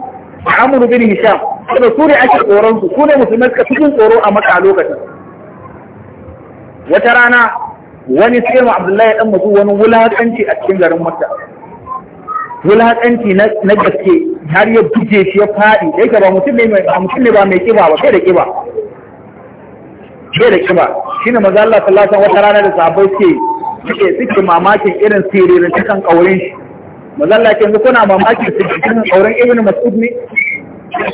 da Amr bin Hisham da su ne ake tsoron su su ne musulmai suka cikin tsoro a maka lokacin wata rana wani sai ma abdullahi dan mazu wani wulakanci a cikin garin makka wulakanci na gaske har ya buje shi ya faɗi dai yake ba mutum ne ba mutum ne ba mai kiba ba sai da kiba sai da kiba shine manzo Allah sallallahu alaihi wasallam wata rana da sahabbai ke suke suke mamakin irin siririn cikin kauren shi manzo Allah ke yanzu kuna mamakin cikin kauren Ibn mas'ud ne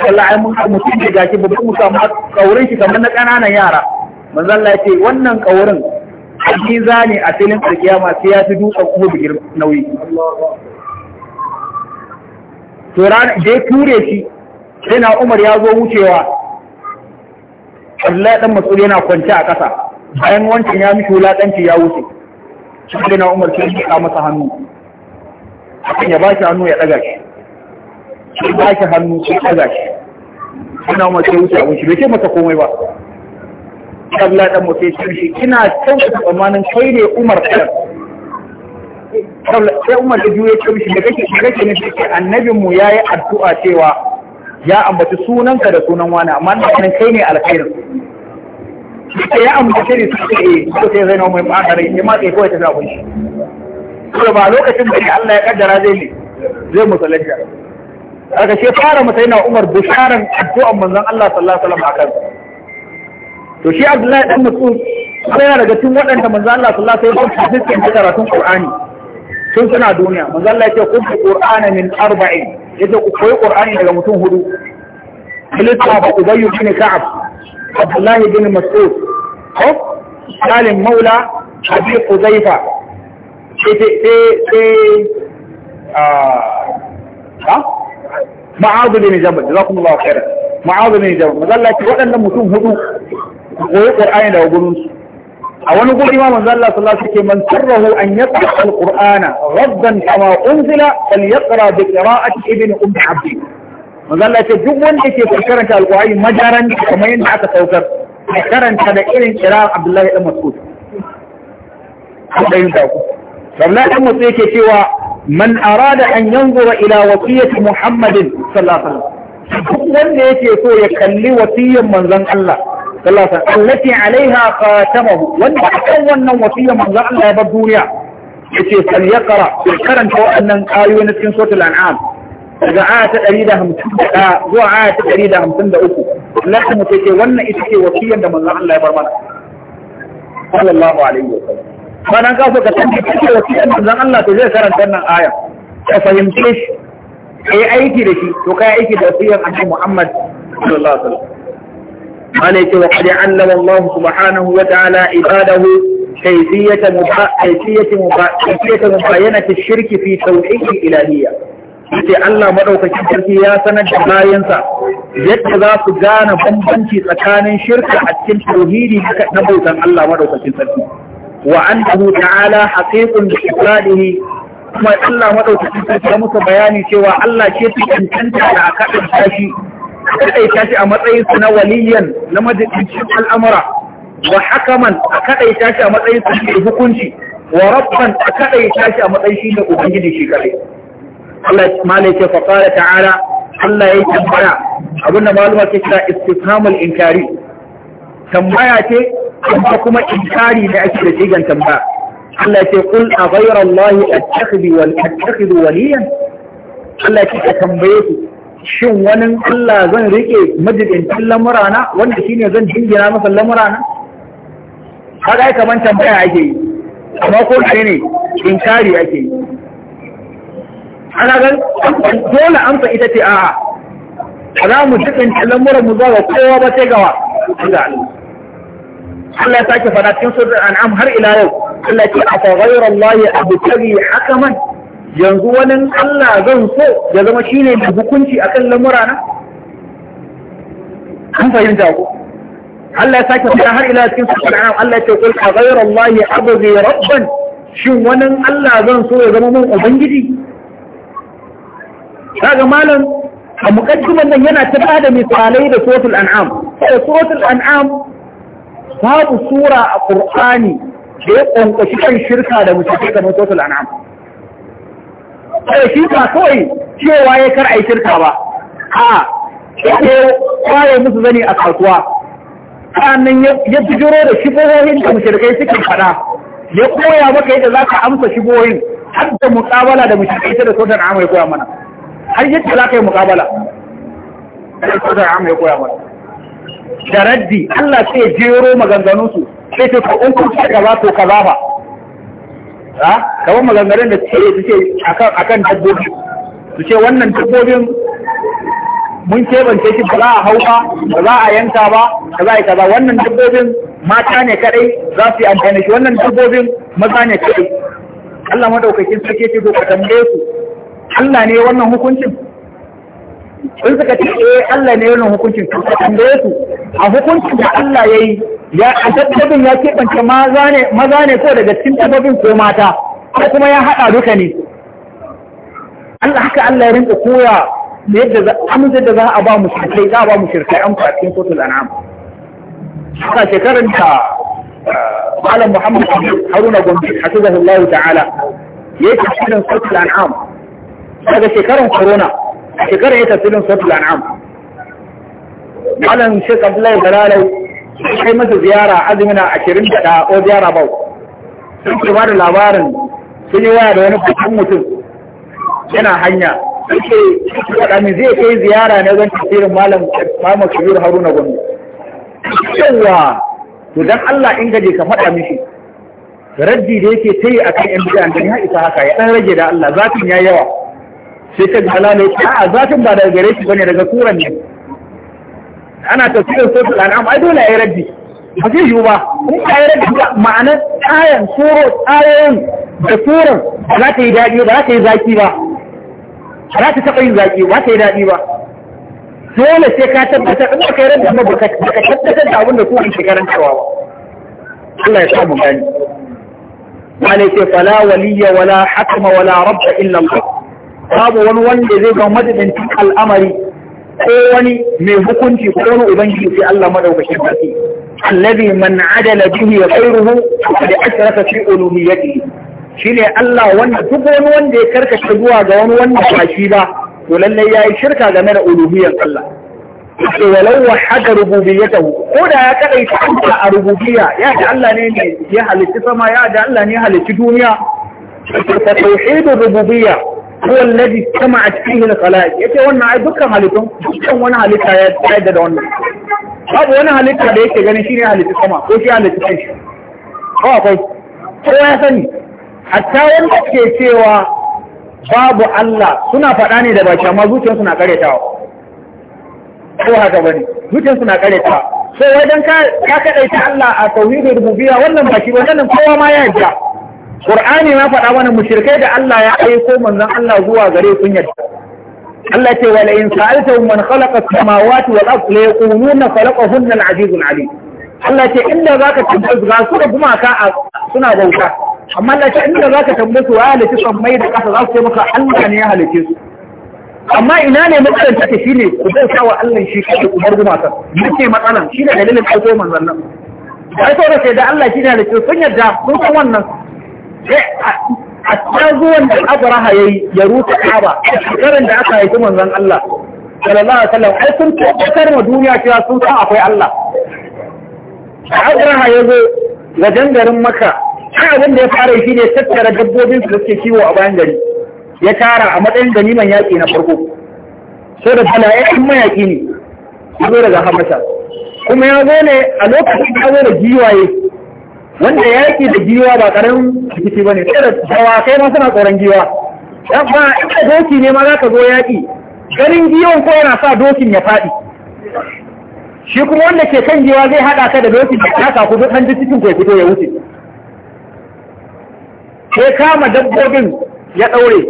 Allah ai mun mutum da gashi babban musamman kaurin shi kamar na kananan yara manzo Allah ce wannan kaurin ne a filin alkiyama sai ya fi dutsen uhud nauyi to ran da ya ture shi sai na umar ya zo wucewa Allah ɗan masu yana kwanci a ƙasa bayan wancan ya mishi wulaƙanci ya wuce shi ne na umar shi ya masa hannu akan ya ba shi hannu ya ɗaga shi shi ba shi hannu ya ɗaga shi shi na umar sai wuce a wuce bai ce masa komai ba Allah dan mutai shi kina can ku tsammanin kai ne Umar kan sai Umar da juye ce mishi da kake da kake nufi ce annabin mu yayi addu'a cewa ya ambaci sunanka da sunan wani amma nan kai ne alkhairin sai ya ambaci ne su ce eh ko sai zai na mai bakare ya ma sai kawai ta zaɓi shi to ba lokacin da Allah ya kaddara zai ne zai musulunta aka ce fara mutane na Umar bisharan addu'an manzon Allah sallallahu alaihi wasallam akan to shi Abdullahi dan Mas'ud yana daga cikin waɗanda manzo Allah sallallahu alaihi wasallam ya fiske karatun Qur'ani sun suna duniya manzo Allah yake kun Qur'ana min arba'in yace ku koyi Qur'ani daga mutum hudu Khalifa ba Ubay ne Ka'ab Abdullahi bin Mas'ud ko Salim Maula Abi Qudaifa sai sai ah, ma'azu bin jabal jazakumullahu khairan ma'azu bin jabal manzo Allah yake waɗannan mutum hudu ku koyi qur'ani daga gurin su a wani guri ma manzo Allah sallallahu alaihi wasallam man sarrahu an yaqra al-qur'ana raddan kama unzila falyaqra bi qira'ati ibn umm abd manzo Allah ce duk wanda yake karanta al-qur'ani majaran kamar yadda aka saukar a karanta da irin qira'a Abdullahi ibn Mas'ud ɗayin taku. Rabla ɗan wasu yake cewa man arada an yanzura ila wasiyyati Muhammadin sallallahu alaihi wasallam. Duk wanda yake so ya kalli wasiyyan manzon Allah sallallahu alaihi wasallam allati alaiha qatamahu wanda akan wannan wasiya manzo Allah ya bar duniya yace sal yaqra karanta wannan ayoyi na cikin suratul an'am daga aya ta 151 zuwa aya ta 153 lakin mutai ce wannan ita ce wasiyar da manzo Allah ya bar mana sallallahu alaihi wasallam bayan ka so ka tanke kake wasiyar manzo Allah to zai karanta wannan aya ka fahimce shi kai aiki da shi to kai aiki da wasiyar annabi Muhammad sallallahu alaihi wasallam ana yake wa qad Allah subhanahu wa ta'ala ibadahu kayfiyata kayfiyata kayfiyata mubayyanati shirki fi tauhid ilahiyya yace Allah madaukakin sarki ya sanar da bayansa yadda za su gane bambanci tsakanin shirka a cikin tauhidi na bautan Allah madaukakin sarki wa annahu ta'ala haqiqun bi ibadihi kuma Allah madaukakin sarki ya musu bayani cewa Allah ce fi cancanta da aka shi aka ɗaita shi a matsayinsu na waliyan na majalisun al'amura wa hakaman aka ɗaita shi a matsayinsu shi hukunci wa rabban aka ɗaita shi a matsayin shi da ubangiji shi kare Allah malai ce faƙara ta'ala Allah ya tambaya abinda maluma ke kira istifhamul inkari tambaya ce kuma kuma inkari da ake da jigan tambaya Allah ya ce kul a ghayra Allah attakhidhu wal attakhidhu waliyan Allah ya tambaye su shin wani Allah zan rike majibincin lamurana wanda shi ne zan jingina masa lamurana? Haka yi kamar tambaya ake yi, amma ko shi ne inkari ake yi. Ana gan dole amsa ita ce a'a, za mu jibinta lamuran mu zuwa kowa ba sai gawa. Allah ya sake fara cikin surrar an'am har ila yau, Allah ce a fa ghayra Allah abtaghi hakaman yanzu wani Allah zan so ya zama shi ne mai hukunci a kan lamura na? An fahimta ku. Allah ya sake fara har ila cikin sukar an Allah ya ce kul a ghayra Allah abuzi rabban shin wani Allah zan so ya zama mun ubangiji? Kaga malam a muqaddiman nan yana ta bada misalai da suratul an'am. Sai suratul an'am babu sura a Qur'ani da ya kan shirka da mutane kamar suratul an'am. sai shi ba kawai cewa ya kar a yi shirka ba a ya kwaye musu zani a kasuwa sa'annan ya jiro da shigohohin da mushrikai suke fada ya koya maka yadda za ka amsa shigohohin har da muƙabala da mushrikai ta da sautar amma ya koya mana har yadda za ka yi muƙabala da sautar amma ya koya mana da raddi Allah sai jero maganganunsu sai ta ka in kun to ka ba ha kamar maganganun da suke ce a kan dabbobi su ce wannan dabbobin mun kebance shi ba za a hau ba ba za a yanka ba ba za a yi kaza wannan dabbobin mata ne kadai za su yi amfani shi wannan dabbobin maza ne kadai Allah madaukakin sarki ce ko ka tambaye su Allah ne wannan hukuncin In suka ce eh, Allah ne wannan hukuncin ka tambaye su a hukuncin da Allah ya yi. ya a dabbobin ya keɓance maza ne ko daga cikin dabbobin ko mata ko kuma ya haɗa duka ne Allah haka Allah ya rinka koya yadda amsar da za a ba mu shirkai za a ba mu shirkai an fatin kotul an'am haka shekaran ta, eh, Malam Muhammad Haruna Gombe hafizahullahu ta'ala ya yi tafsirin kotul an'am daga shekaran corona shekarar ya tafsirin kotul an'am Malam Sheikh Abdullahi Balalau sai kai masa ziyara azumina ashirin da ɗaya ko ziyara bau sun ke bada da labarin sun yi waya da wani kusan mutum yana hanya sun ce waɗanne zai kai ziyara na zan tasirin malam mamu shirin haruna gwamna yawa to don allah in gaje ka faɗa mishi raddi da yake ta yi a kan yan bidan da ya isa haka ya ɗan rage da allah zafin ya yawa sai ka ga halala a'a zafin ba daga gare shi ne daga suran ne ana tafsirin suratul an'am ai dole a yi rabbi ba zai yiwu ba in ka yi rabbi raddi ma'anar ayan suro ayoyin da tsoron ba za ta yi daɗi ba za ta yi zaƙi ba ba za ta taɓa yin zaƙi ba ta yi daɗi ba dole sai ka tabbatar ina ka yi raddi amma ba ka tabbatar da abin da suran ke karantarwa ba Allah ya samu gani wani ce fala waliya wala hakama wala rabba illa Allah babu wani wanda zai ga madadin al'amari ko wani mai hukunci ko wani ubangiji sai Allah madaukakin sarki allazi man adala bihi khairuhu faqad asrafa fi uluhiyyatihi shine Allah wanda duk wani wanda ya karkace zuwa ga wani wanda ba shi ba to lallai yayi shirka game da uluhiyyar Allah to walau wahada rububiyyatahu ko da ya kadai ta a rububiyya ya da Allah ne ne ya halitta sama ya da Allah ne halitta duniya to tauhidur rububiyya kama a cikin hila al ya ce wannan ai dukkan halittun dukkan wani halitta ya tsaya da wannan babu wani halitta da yake ganin shine halitta kama ko shi halitta shi ko akwai kowa ya sani a hatta da ke cewa babu Allah suna faɗa ne da baki amma zuciyarsu na karetawa ko haka bane zuciyarsu na karetawa sai wajen ka ka kadaita Allah a tauhidul rububiyya wannan baki wannan kowa ma ya yarda Qur'ani ma faɗa mana mushrikai da Allah ya aiko manzon Allah zuwa gare sun yadda Allah ce wala in sa'altahum man khalaqa as-samawati wal ardi la yaquluna khalaqahunna al-'azizul 'alim Allah ce inda zaka tambaye ga su da gumaka suna bauta amma Allah ce inda zaka tambaye su ya halitta sammai da ƙasa za su ce maka Allah ne ya halitta su amma ina ne matsalar take shine ku bauta wa Allah shi kai ku bar gumaka muke matsalan shine dalilin aiko manzon nan sai saboda sai da Allah shi ne halitta sun yarda sun san wannan Eh, a cikin zuwan da abraha ya yi ya rute kaba a shekarar da aka haifi manzan Allah sallallahu alaihi wasallam ai sun tabbatar ma duniya cewa sun san akwai Allah abraha ya zo wajen garin maka kan abin da ya fara shi ne tattara dabbobin su suke kiwo a bayan gari ya tara a matsayin ganiman yaƙi na farko so da bala'in mayaƙi ne ya zo daga habasha kuma ya zo ne a lokacin ya zo da giwaye wanda ya yaki da giwa ba karamin ba ne, sai da kai ma suna tsoron giwa dan ba inda doki ne ma za ka zo yaki ganin giwon ko yana sa dokin ya faɗi? shi kuma wanda ke kan giwa zai haɗa ka da dokin da taka kaku duk hanji cikin ku fito ya wuce sai kama dabbobin ya daure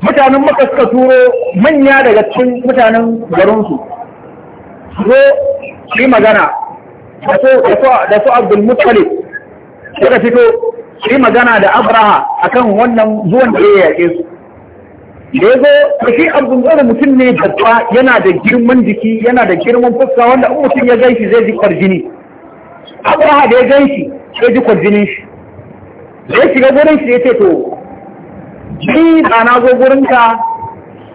mutanen maka suka turo manya daga cikin mutanen garinsu zo yi magana da su abdul muttalib suka fito shi magana da abraha akan wannan zuwan da ya yaƙe su da ya zo da shi abdul mutum ne babba yana da girman jiki yana da girman fuska wanda in mutum ya gan shi zai ji kwarjini abraha da ya gan shi zai ji kwarjinin shi da ya shiga gurin shi ya ce to ni ba na zo gurinka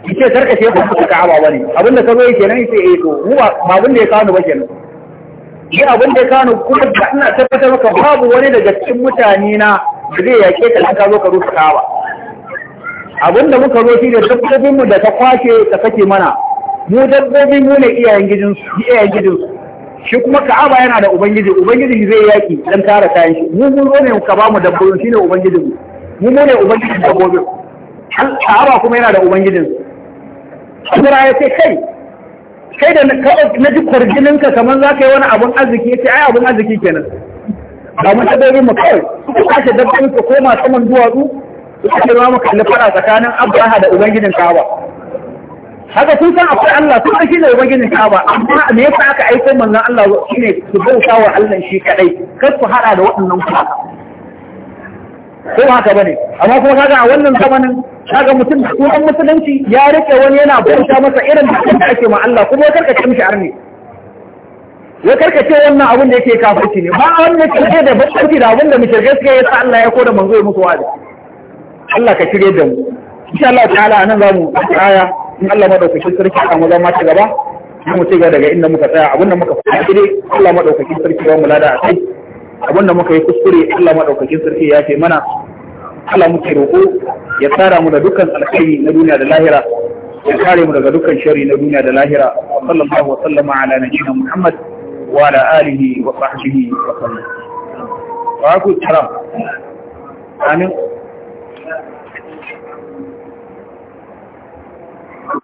ya ce sarkace ku ka ka'aba wani abinda ka zo ya kenan ya ce eh to mu ba abin da ya kawo ni ba kenan shi abin da kano kuma da ina tabbatar maka babu wani daga cikin mutane na da zai yake ka ka zo ka rusa kawa abin da muka zo shine dabbobin mu da ta kwace ta kake mana mu dabbobi mu ne iyayen gidan su iyayen gidan su shi kuma ka'aba yana da ubangiji ubangiji zai yaki dan tara kayan shi mu mun zo ne ka ba mu dabbobin ne ubangijin mu mu ne ubangijin dabbobin ka'aba kuma yana da ubangijin su Allah ya ce kai kai da na ji kwarjininka kamar za ka yi wani abun arziki ya ce ai abun arziki kenan ba mu dabbobin mu kawai suka kashe dabbobin ko koma saman duwatsu suka ce ma maka alfara tsakanin abraha da ubangijin kaba haka sun san akwai Allah sun san shi ne ubangijin kaba amma me yasa aka aiko manzon Allah shine su bauta wa Allah shi kadai kar su hada da waɗannan kuma ko haka bane amma kuma kaga a wannan zamanin kaga mutum da sunan musulunci ya rike wani yana bauta masa irin da ake ma Allah kuma ya karkace mishi arni ya karkace wannan abin da yake kafarci ne ba wanda ke da bakanci da abin da muke gaske ya sa Allah ya koda manzo ya musu wa'azi Allah ka shirye da mu insha Allah ta'ala anan za mu tsaya in Allah madaukaki sarki a mu zama ta gaba mu ci gaba daga inda muka tsaya abin da muka faɗi dai Allah madaukaki sarki ba mu lada a kai abin da muka yi kuskure Allah madaukaki sarki ya ce mana Allah muke roƙo ya tsara mu da dukkan alkhairi na duniya da lahira ya kare mu daga dukkan shari na duniya da lahira sallallahu wa sallama ala nabiyina Muhammad wa ala alihi wa sahbihi wa sallam wa ku tara amin